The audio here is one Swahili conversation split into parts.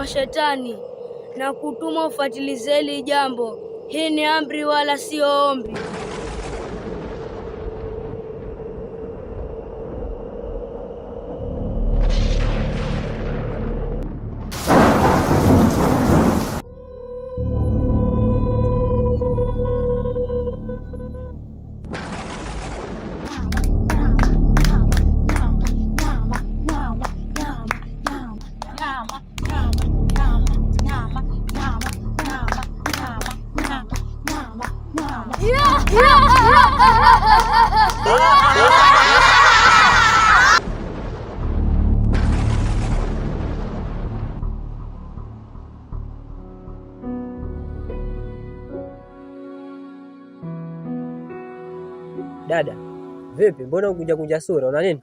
wa Shetani na kutumwa ufuatilize hili jambo. Hii ni amri, wala sio ombi. Dada, vipi? Mbona ukunja kunja sura, una nini?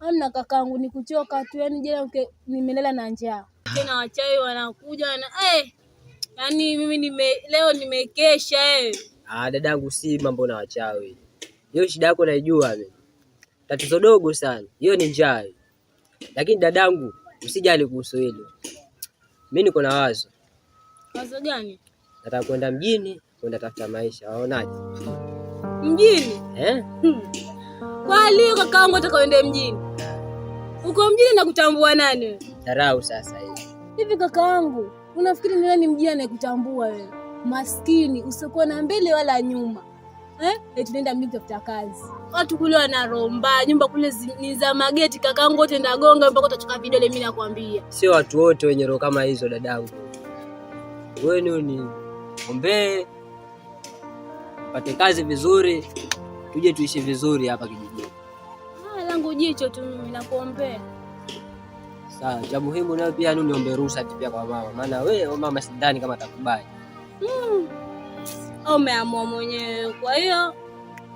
Amna kakaangu, ni kuchoka tu. Yani jana nimelala na njaa, tena wachawi wanakuja na eh, yani mimi nime leo nimekesha eh. Ah, dadangu, si mambo na wachawi. Hiyo shida yako naijua mimi. Tatizo dogo sana. Hiyo ni njaa. Lakini dadangu, usijali kuhusu hilo. Mimi niko na wazo. Wazo gani? Nataka kwenda mjini, kwenda tafuta maisha. Waonaje? Mjini? Eh? hiyo hmm. kaka wangu atakwenda mjini. Uko mjini na kutambua nani? tarau sasa hivi. Hivi kaka wangu, unafikiri ni nani mjini anayekutambua wewe? maskini usiokuwa na mbele wala nyuma eh? Tunaenda mimi kutafuta kazi, watu kule wanaromba nyumba kule ni za mageti, kakangu wote ndagonga mpaka utachoka vidole. Mimi nakwambia sio watu wote wenye roho kama hizo dadangu. Wewe ni ni ombee pate kazi vizuri, tuje tuishi vizuri hapa kijijini. Ah, langu jicho tu mimi nakuombea. Sawa, cha muhimu nayo pia niombe ruhusa pia kwa mama, maana wewe mama sidhani kama atakubali. Hmm. Umeamua mwenyewe. Kwa hiyo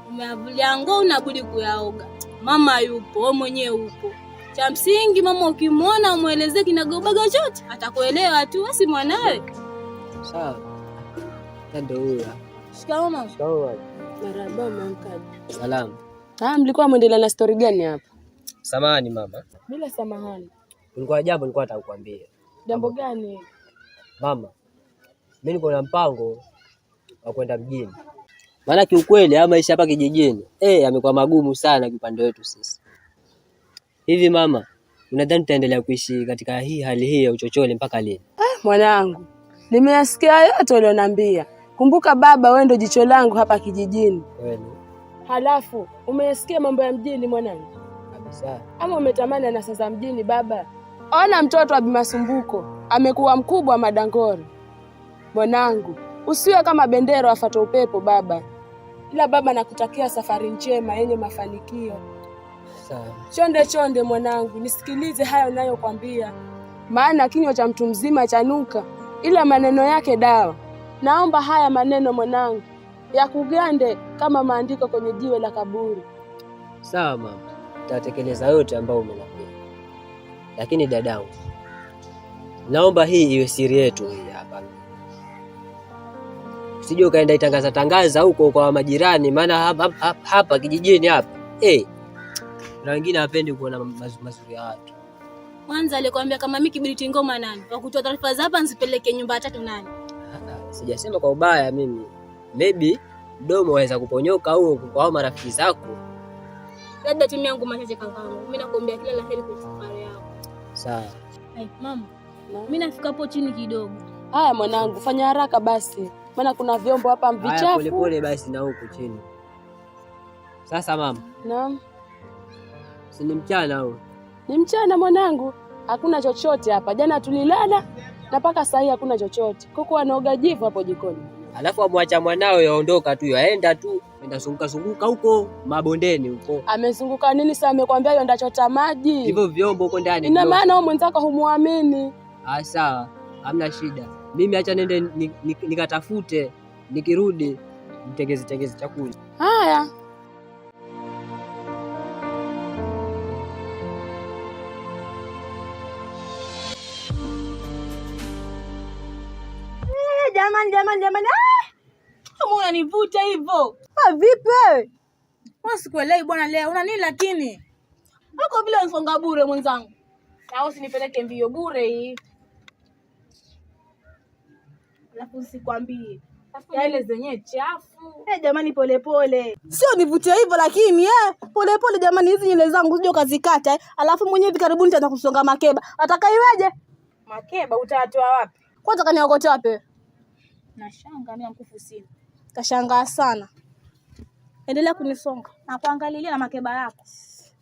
umeavulia nguo, unabudi kuyaoga. Mama yupo, wewe mwenyewe upo. Cha msingi mama, ukimwona umwelezee kinagobaga chote, atakuelewa tu, si mwanawe? Sawa. Salamu. mlikuwa mwendelea na stori gani hapa? Samahani mama. Bila samahani. Nilikuwa jambo nilikuwa natakwambia. Jambo gani? Mama, mimi niko na mpango wa kwenda mjini, maana kiukweli ama maisha hapa kijijini eh, yamekuwa magumu sana kiupande wetu sisi. Hivi mama, unadhani tutaendelea kuishi katika hii hali hii ya uchochole mpaka lini? Eh, mwanangu, nimeyasikia yote ulionambia. Kumbuka baba, wewe ndio jicho langu hapa kijijini. Kweli. Halafu umeyasikia mambo ya mjini mwanangu? Kabisa. Ama umetamani anasa za mjini baba? Ona mtoto wa Bimasumbuko amekuwa mkubwa madangori. Mwanangu, usiwe kama bendera afata upepo baba. Ila baba, nakutakia safari njema yenye mafanikio. Sawa. Chonde chonde mwanangu, nisikilize hayo nayokwambia, maana kinywa cha mtu mzima chanuka, ila maneno yake dawa. Naomba haya maneno mwanangu ya kugande kama maandiko kwenye jiwe la kaburi. Sawa mama, tatekeleza yote ambayo umenambia, lakini dadangu, naomba hii iwe siri yetu hii hapa usije ukaenda itangaza tangaza huko kwa majirani, maana hapa, hapa, hapa kijijini hapa hey, eh, na wengine hawapendi kuona mazuri ya watu. Kwanza alikwambia kama mimi kibiriti ngoma nani Kwa kutoa taarifa za hapa nzipeleke nyumba ya tatu nani? Sijasema kwa ubaya mimi, maybe mdomo waweza kuponyoka huo kwa hao marafiki zako, labda timu yangu machache. Kakaangu, mimi nakuombea kila la heri kwa safari yako. Sawa. Hey, mama, mimi nafika hapo chini kidogo. Haya mwanangu, fanya haraka basi maana kuna vyombo hapa vichafu. Pole pole basi na huku chini. Sasa mama. Naam. Si ni mchana huu? Ni mchana mwanangu, hakuna chochote hapa. Jana tulilala na mpaka saa hii hakuna chochote. Kuku anaoga jivu hapo jikoni, alafu amwacha mwanao yaondoka tu, yaenda tu enda zunguka zunguka huko mabondeni huko. Amezunguka nini sasa? Amekwambia yenda chota maji, hivyo vyombo huko ndani. Ina maana wewe mwenzako humuamini. Ah, sawa, hamna shida mimi acha nende nikatafute, ni, ni nikirudi mtengezi tengeze chakula. Haya. Eh, jamani, jamani, jamani, ah! unanivuta hivyo ah, vipi? Sikuelewi bwana, leo una nini lakini? Uko vile mfunga bure mwenzangu, na usinipeleke mbio bure hii alafu sikwambie yale yaani zenyewe chafu. Hey, eh, jamani polepole sio nivutie hivyo lakini eh, polepole jamani, hizi nywele zangu sio kazikata eh. Alafu mwenyewe hivi karibuni tataanza kusonga makeba, atakaiweje? Makeba Utatoa wapi? Kwa utakaniakote wapi? Nashanga mimi mkufu sina. Kashangaa sana, endelea kunisonga na kuangalilia na makeba yako.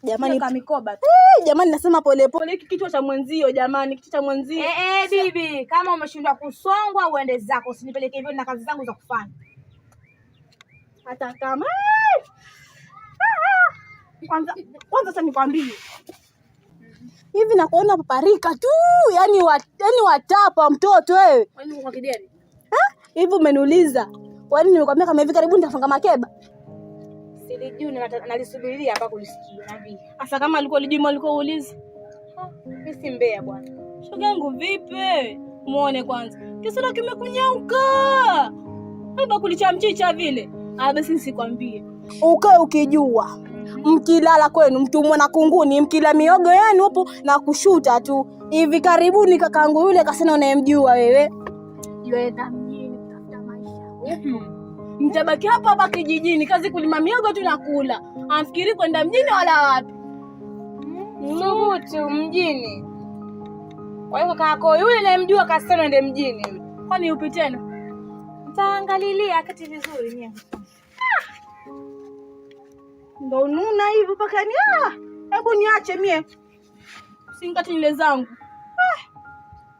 Jamani, mikoba tu. Hey, eh, jamani nasema polepole hiki kichwa cha mwenzio jamani, kichwa cha mwenzio. Eh, eh, bibi, kama umeshindwa kusongwa uende zako, usinipeleke hivyo na kazi zangu za kufanya. Hata kama ah, ah! kwanza kwanza, sasa nikwambie hivi, nakuona paparika tu, yani wa, yani watapa mtoto wewe. Kwani uko kideri? Ha? Eh, hivi umeniuliza. Kwani nimekwambia kama hivi karibuni nitafunga makeba? Nilijua nalisubiria hapa kulisikia nabii. Asa kama alikuwa lijuma alikuwa uuliza. Mimi si mbea bwana. Shoga vipi? Muone kwanza. Kisura kimekunyauka. Haba kulicha mchicha vile. Ah, basi nisikwambie. Ukae ukijua. Mkilala kwenu mtumwa na kunguni, mkila miogo yenu hapo na kushuta tu. Hivi karibuni kakangu yule kasema unayemjua wewe. Yeye mjini kutafuta maisha. Mhm mtabaki hapa hapa kijijini, kazi kulima miogo tu nakula. Amfikiri kwenda mjini wala wapi? mutu mjini. Kwa hiyo kaka yako yule namjua, kasema ende mjini. Kwani upi tena? Ntaangalilia kati vizuri nyewe. Ndo nuna hivyo mpaka ni ah, hebu niache mie singati nile zangu ah,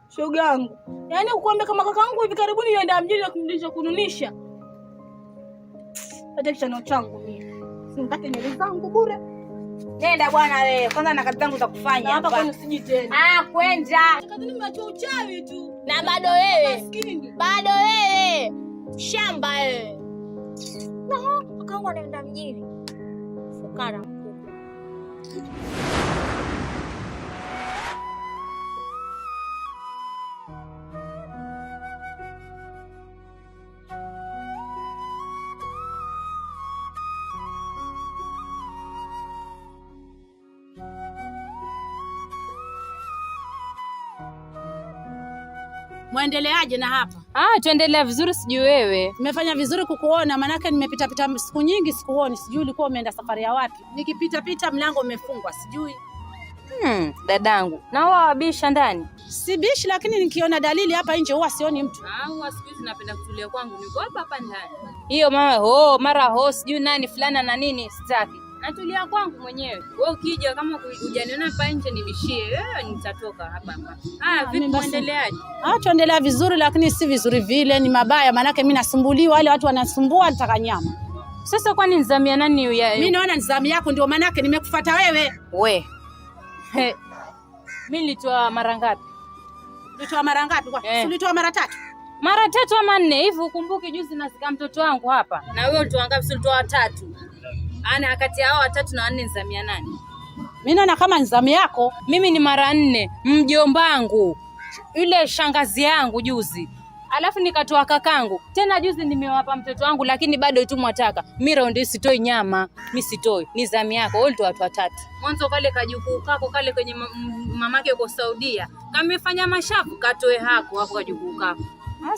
shoga yaani yangu, yaani kukuambia kama kakangu hivi karibuni yenda mjini ya kununisha hata kichano changu mimi. Simtaki nywele zangu bure. Nenda bwana wewe. Kwanza na kazi zangu za kufanya hapa. Kwani usiji tena. Ah, kwenda. Kazi ni macho uchawi tu. Na bado wewe. Bado wewe. Shamba wewe. No, kakaangu anaenda mjini. Fukara mkubwa. Mwendeleaje na hapa? Ah, tuendelea vizuri, sijui wewe. Nimefanya vizuri kukuona, maanake nimepita pita siku nyingi sikuoni, sijui ulikuwa umeenda safari ya wapi. Nikipita pita mlango umefungwa, sijui. Hmm, dadangu, na huwa wabisha ndani? Sibishi, lakini nikiona dalili hapa nje huwa sioni mtu. Ah, huwa siku hizi napenda kutulia kwangu, niko hapa hapa ndani. Hiyo mama ho mara ho sijui nani fulana na nini, sitaki natulia kwangu mwenyewe. Wewe ukija kama hujaniona hapa nje nimishie, wewe nitatoka hapa hapa. Ah, vipi muendeleaje? Ah, tuendelea vizuri, lakini si vizuri vile, ni mabaya, maanake mimi nasumbuliwa, wale watu wanasumbua, nitaka nyama. Sasa kwani nizamia nani huyu? Mimi naona nizamia yako, ndio maanake nimekufuata wewe. We mimi nilitoa mara ngapi? Nilitoa mara ngapi? Kwa eh, ulitoa mara tatu mara tatu ama nne hivi, ukumbuki juzi nasika mtoto wangu hapa. Na wewe ulitoa ngapi? Si ulitoa tatu ana kati ya hao watatu na wanne ni zamu ya nani? Mimi naona kama ni yako. Mimi ni mara nne, mjombangu yule shangazi yangu juzi, alafu nikatoa kakangu tena juzi, nimewapa mtoto wangu, lakini bado tu mwataka mimi. Raundi sitoi nyama mimi, sitoi. Ni zamu yako wewe, ndio watu watatu mwanzo. Kale kajukuu kako kale kwenye mamake uko Saudia, kamefanya mashafu, katoe hako hapo kajukuu kako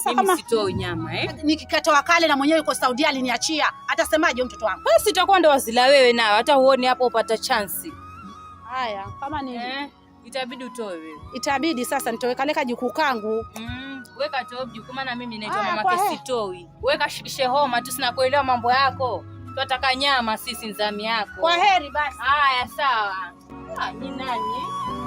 mimi sitoa unyama eh? Nikikatoa kale na mwenyewe yuko Saudi aliniachia, atasemaje mtoto wangu? Basi itakuwa ndo wazila wewe nayo, hata huoni hapo upata chansi. Haya, kama ni eh, itabidi utoe wewe. Itabidi sasa nitowekaleka jukuu kangu mm, weka toa juku, maana mimi naitwa mama kesitoi. Weka shehoma homa tu, sina kuelewa mambo yako. Tunataka nyama sisi, nzami yako. Kwa heri basi. Haya, sawa. Ah, ni nani?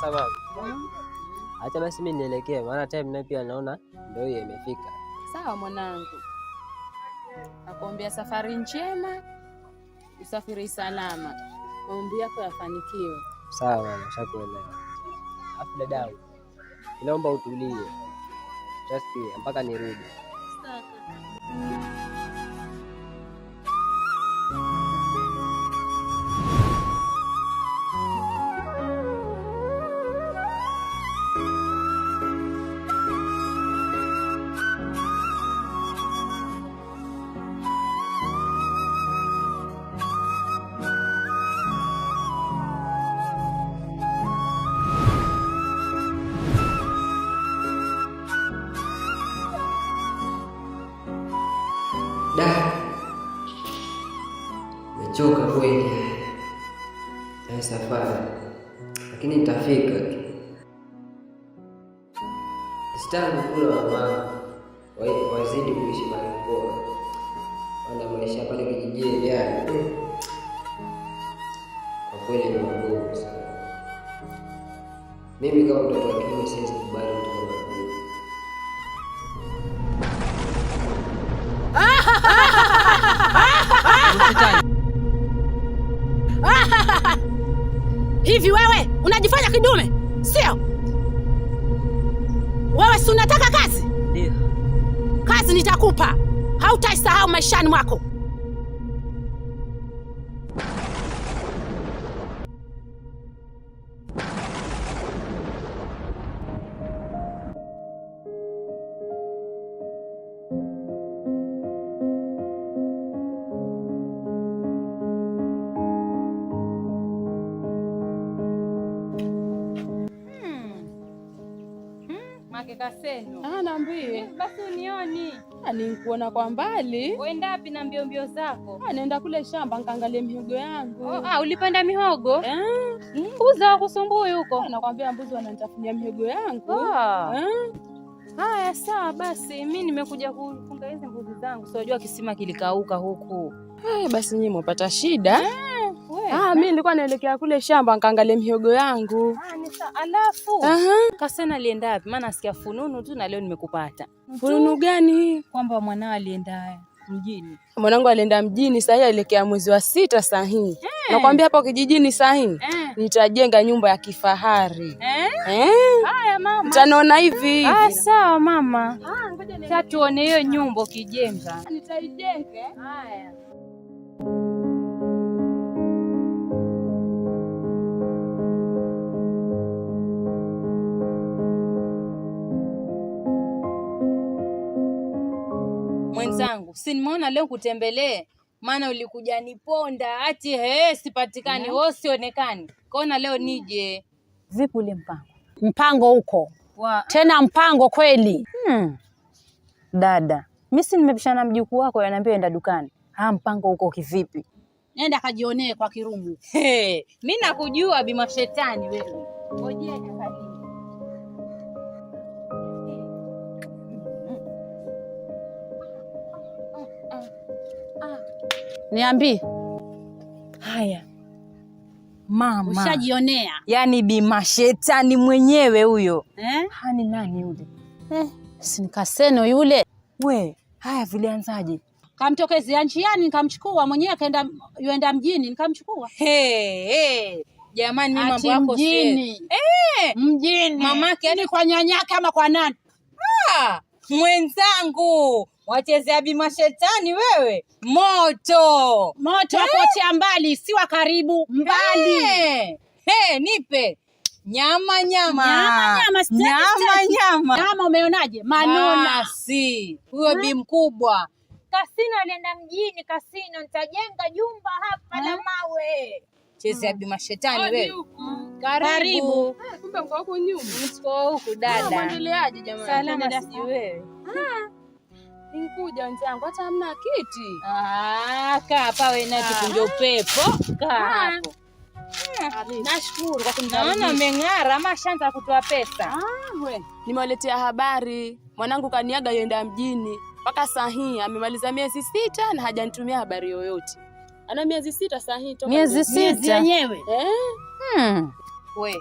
sababu. Acha basi mimi nielekee, maana time nayo pia naona ndio hiyo imefika. Sawa mwanangu, nakuombea safari njema, usafiri salama, maombi yako yafanikiwe. Sawa mama, shakuelewa. Afu dadau, naomba utulie just mpaka nirudi. Stani kula wamama wazidi kuishi maripoa wana maisha pale kijijini, yani kwa kweli ni magumu sana. Mimi kama mtoto wa kiume siwezi kubali mtoto wa hivi. Wewe unajifanya kidume, sio? Wewe si unataka kazi? Ndio. Kazi nitakupa, hautaisahau maishani mwako. kuona kwa mbali. Uenda wapi na mbio mbio zako? Ah, naenda kule shamba nkaangalie mihogo yangu. Oh, ah, ulipanda mihogo? Eh. Mm, mbuzi wa kusumbui huko. Ah, nakwambia mbuzi wananitafunia mihogo yangu. Ah. Eh. Haya, sawa basi, mi nimekuja kufunga hizi mbuzi zangu, siwajua kisima kilikauka huku. Haya basi, nyinyi mwapata shida. Eh, ah, mi nilikuwa naelekea kule shamba nkaangalie mihogo yangu. Aa, ah, alafu kasana alienda wapi? Maana nasikia fununu tu na leo nimekupata. Fununu gani Kwamba mwanao alienda mjini. Mwanangu alienda mjini, sahii aelekea mwezi wa sita. Saa hii hey. Eh. Nakwambia hapo kijijini sahii hii hey. Eh. Nitajenga nyumba ya kifahari hey. Eh? Hey. Haya mama, tanaona hivi Ah, Sawa mama, tatuone ah, hiyo nyumba ukijenga. Nitaijenga. Haya. mwenzangu, nimeona leo kutembelee, maana ulikuja niponda ati he, sipatikani ho, eh? sionekani. Kaona leo nije. Vipi ule mpango? Mpango huko Tena mpango kweli? hmm. Dada mimi si nimepishana mjukuu wako, ananiambia enda dukani. Ha, mpango huko kivipi? Nenda kajionee kwa kirumu. Hey, mimi nakujua bima shetani wewe. Ngoje Niambie. Haya mama, ushajionea yani bi mwenyewe huyo eh? Hani nani yule eh? Sinikaseno nikaseno yule we. Haya vilianzaje? Kamtokezea njiani nikamchukua mwenyewe, akaenda yuenda mjini nikamchukua. hey, hey. Jamani, mambo yako mjini. Eh, mjini mamake, ni kwa nyanyake ama kwa nani? Ah, mwenzangu Wachezaji mashetani wewe, moto moto eh? wakocha mbali, si wa karibu, mbali. He. Eh. Eh, hey, nipe nyama nyama nyama nyama nyama, nyama. Nyama umeonaje? Manona si huyo bi mkubwa Kasino alienda mjini. Kasino nitajenga jumba hapa la mawe. Cheza bi mashetani wewe, karibu. Kumbe mko huku nyuma, mko huku dada. Mwendeleaje jamani? Salama si wewe ah. Nikuja wenzangu, hata hamna kiti. Ah, kaa hapa wewe na tukunje ah. upepo. Kaa ah. hapo. Nashukuru kwa Naona umeng'ara ama shanza kutoa pesa. Ah, we. Nimewaletea habari. Mwanangu kaniaga yenda mjini. Mpaka saa hii amemaliza miezi sita na hajanitumia habari yoyote. Ana miezi sita saa hii toka. Miezi sita yenyewe. Eh? Hmm. We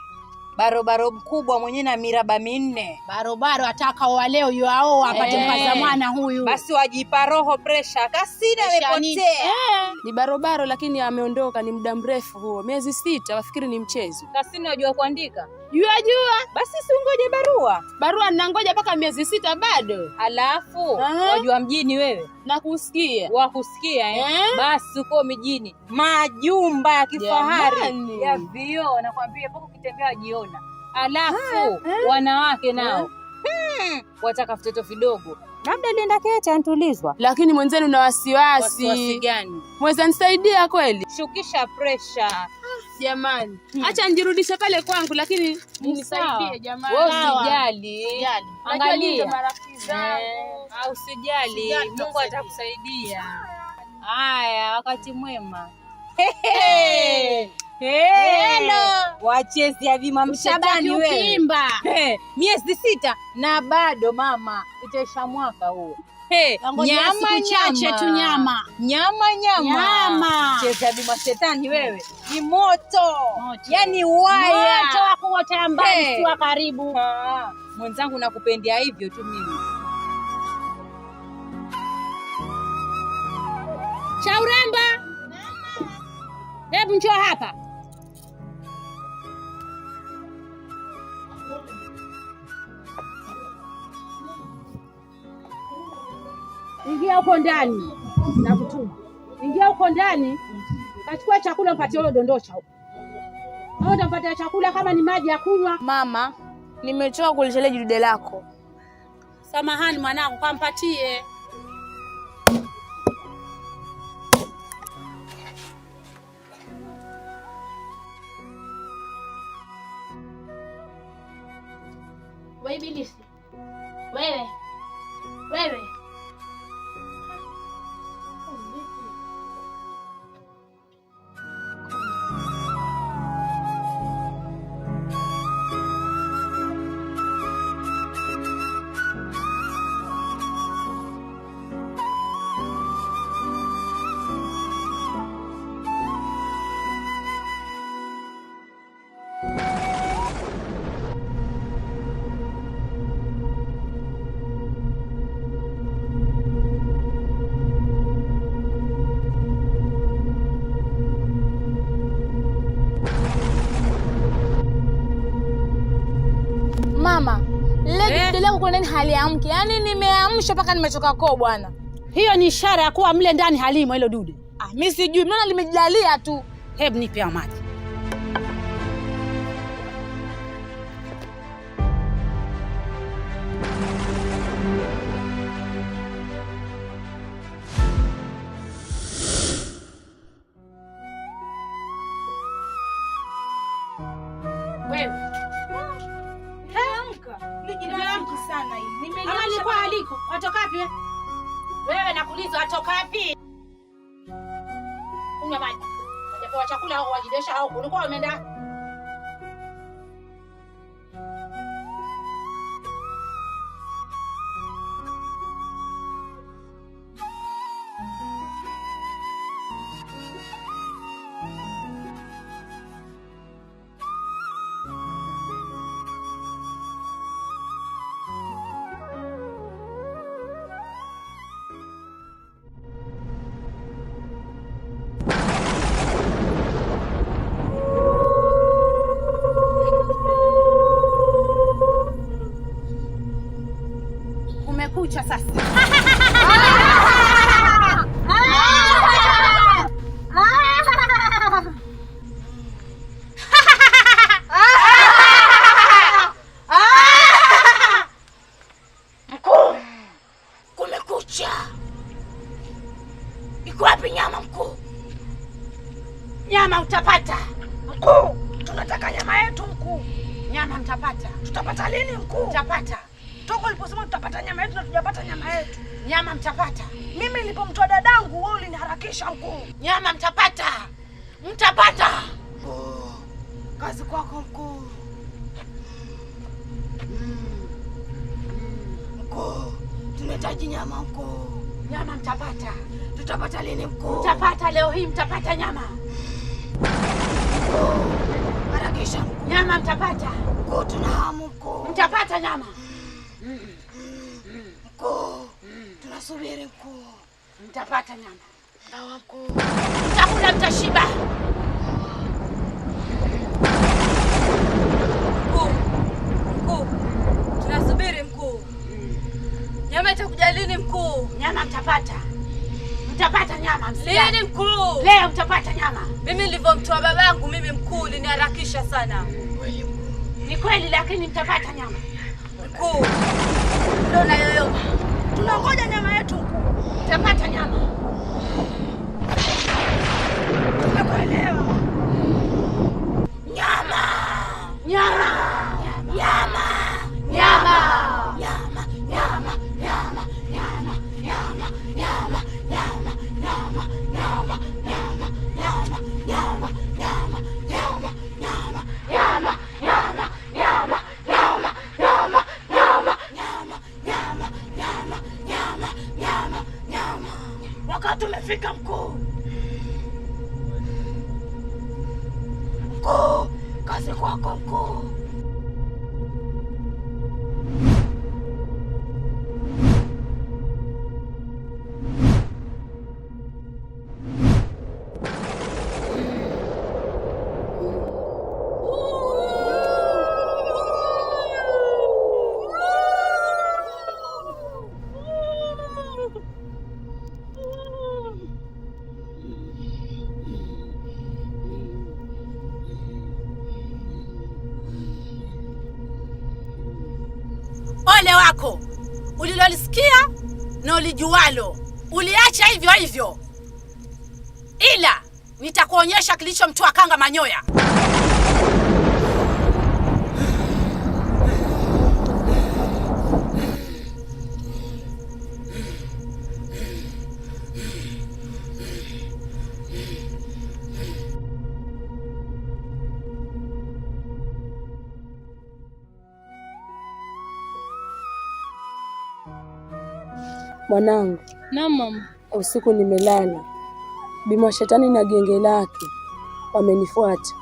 barobaro mkubwa mwenye na miraba minne, barobaro ataka wa leo yuao eh. apate mpaza mwana huyu, basi wajipa roho presha kasina amepotea. Eh. Ni barobaro, lakini ameondoka, ni muda mrefu huo, miezi sita, wafikiri ni mchezo. kasina wajua kuandika Jua jua, basi si ungoje barua. Barua ngoja mpaka miezi sita bado. Alafu eh? wajua mjini wewe, nakusikia wakusikia eh? Eh? Basi uko mjini majumba ya kifahari ya vioo, nakwambia mpaka ukitembea wajiona. Alafu eh, eh? wanawake nao hmm, wataka vitoto vidogo labda lienda kete antulizwa, lakini mwenzenu na wasiwasi. Wasiwasi gani? Mweza nisaidia kweli? Shukisha presha Jamani, hmm. acha njirudishe pale kwangu, lakini nisaidie jamani. Wewe usijali, angalia marafiki zangu, eh, au usijali, Mungu atakusaidia. Haya, wakati mwema. Wachezi vima mshabani wewe. Mie sita na bado mama, itaisha mwaka huo nyama nyama tu nyama nyama nyama, cheza bima shetani wewe, ni moto, moto. Yani waya moto wa kuota mbali hey, karibu. Mwenzangu nakupendia hivyo tu mimi. Chauramba, hebu njoo hapa. ingia huko ndani na kutuma, ingia huko ndani kachukua chakula mpatie huyo, dondosha huko au utampatia chakula, kama ni maji ya kunywa. Mama, nimechoka kulisheleji dude lako. Samahani mwanangu, kampatie huko ndani haliamki, yaani nimeamsha mpaka nimetoka koo bwana. Hiyo ni ishara ya kuwa mle ndani halimo hilo dude. Ah, mimi sijui, mbona limejalia tu. Hebu nipe maji. 我都挂了没得。Nyama mtapata. Tutapata lini mkuu? Mtapata. Toko uliposema tutapata nyama yetu na tujapata nyama yetu. Nyama mtapata. Mimi nilipomtoa dadangu wewe uliniharakisha mkuu. Nyama mtapata. Mtapata. Oh, kazi kwako mkuu. Mkuu, tunahitaji nyama mkuu. Nyama mtapata. Tutapata lini mkuu? Mtapata leo hii mtapata nyama. Mkuu. Nyama mtapata mkuu, tuna hamu mkuu, mtapata nyama Mkuu tunasubiri mkuu, mtapata nyama dawa mkuu, mtakula mtashiba mkuu. Mkuu tunasubiri mkuu, nyama itakuja lini mkuu? Nyama mtapata Lini mkuu? Leo mtapata nyama. Mimi nilivyomtoa babangu mimi mkuu, uliniharakisha sana. Ni kweli, lakini mtapata nyama mkuu. Ndio na tunangoja nyama yetu mkuu, mtapata nyama. Tumekuelewa. Nyama, nyama I'm cool. Ole wako ulilolisikia na ulijualo, uliacha hivyo hivyo, ila nitakuonyesha kilichomtoa kanga manyoya. Mwanangu. Naam mama. Usiku nimelala, bimwa shetani na genge lake wamenifuata,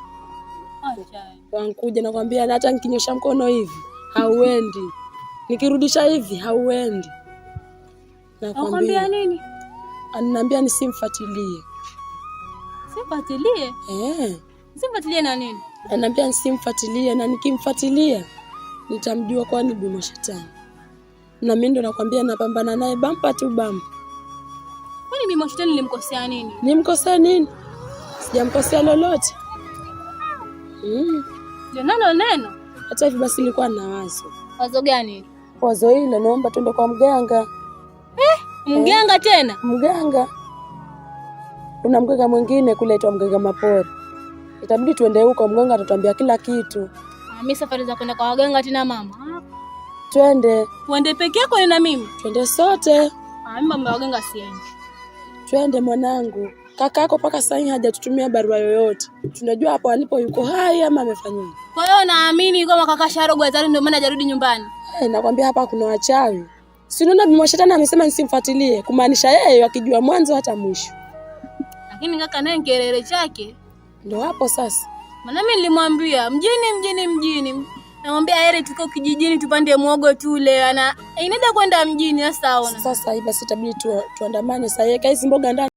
wankuja nakwambia, hata nikinyosha mkono hivi hauendi, nikirudisha hivi hauendi. Nakwambia nini? Ananiambia nisimfuatilie. Simfuatilie? Eh. Simfuatilie na nini? Ananiambia nisimfuatilie, na nikimfuatilia nitamjua kwani bimwa shetani na mimi ndo nakwambia napambana naye bampa tu bampa. Kwani mimi mwashitani nilimkosea nini? Nimkosea nini? Sijamkosea lolote. Mm. nalo neno. Hata hivi basi nilikuwa na wazo. Wazo gani? Wazo hilo naomba tuende kwa mganga. Eh, mganga eh, tena? Mganga. Kuna mganga mwingine kule aitwa mganga Mapori. Itabidi tuende huko, mganga atatuambia kila kitu. Ah, mimi safari za kwenda kwa waganga tena mama. Twende. Uende peke yako na mimi? Twende sote. Ah, mimi Mama waganga siendi. Twende mwanangu, kaka yako mpaka sasa hivi hajatutumia barua yoyote. Tunajua hapo alipo yuko hai ama amefanyia. Kwa hiyo naamini kwa kaka Sharogo azali ndio maana hajarudi nyumbani. Eh, Hey, nakwambia hapa kuna wachawi. Si unaona shetani amesema nisimfuatilie, kumaanisha yeye akijua mwanzo hata mwisho. Lakini kaka naye kelele chake. Ndio hapo sasa. Maana mimi nilimwambia mjini mjini mjini namwambia heri tuko kijijini tupande mwogo tule, ana inaenda eh, kwenda mjini. Sasa ona, sasa hivi basi itabidi tuandamane. Sasa yeye mboga ndani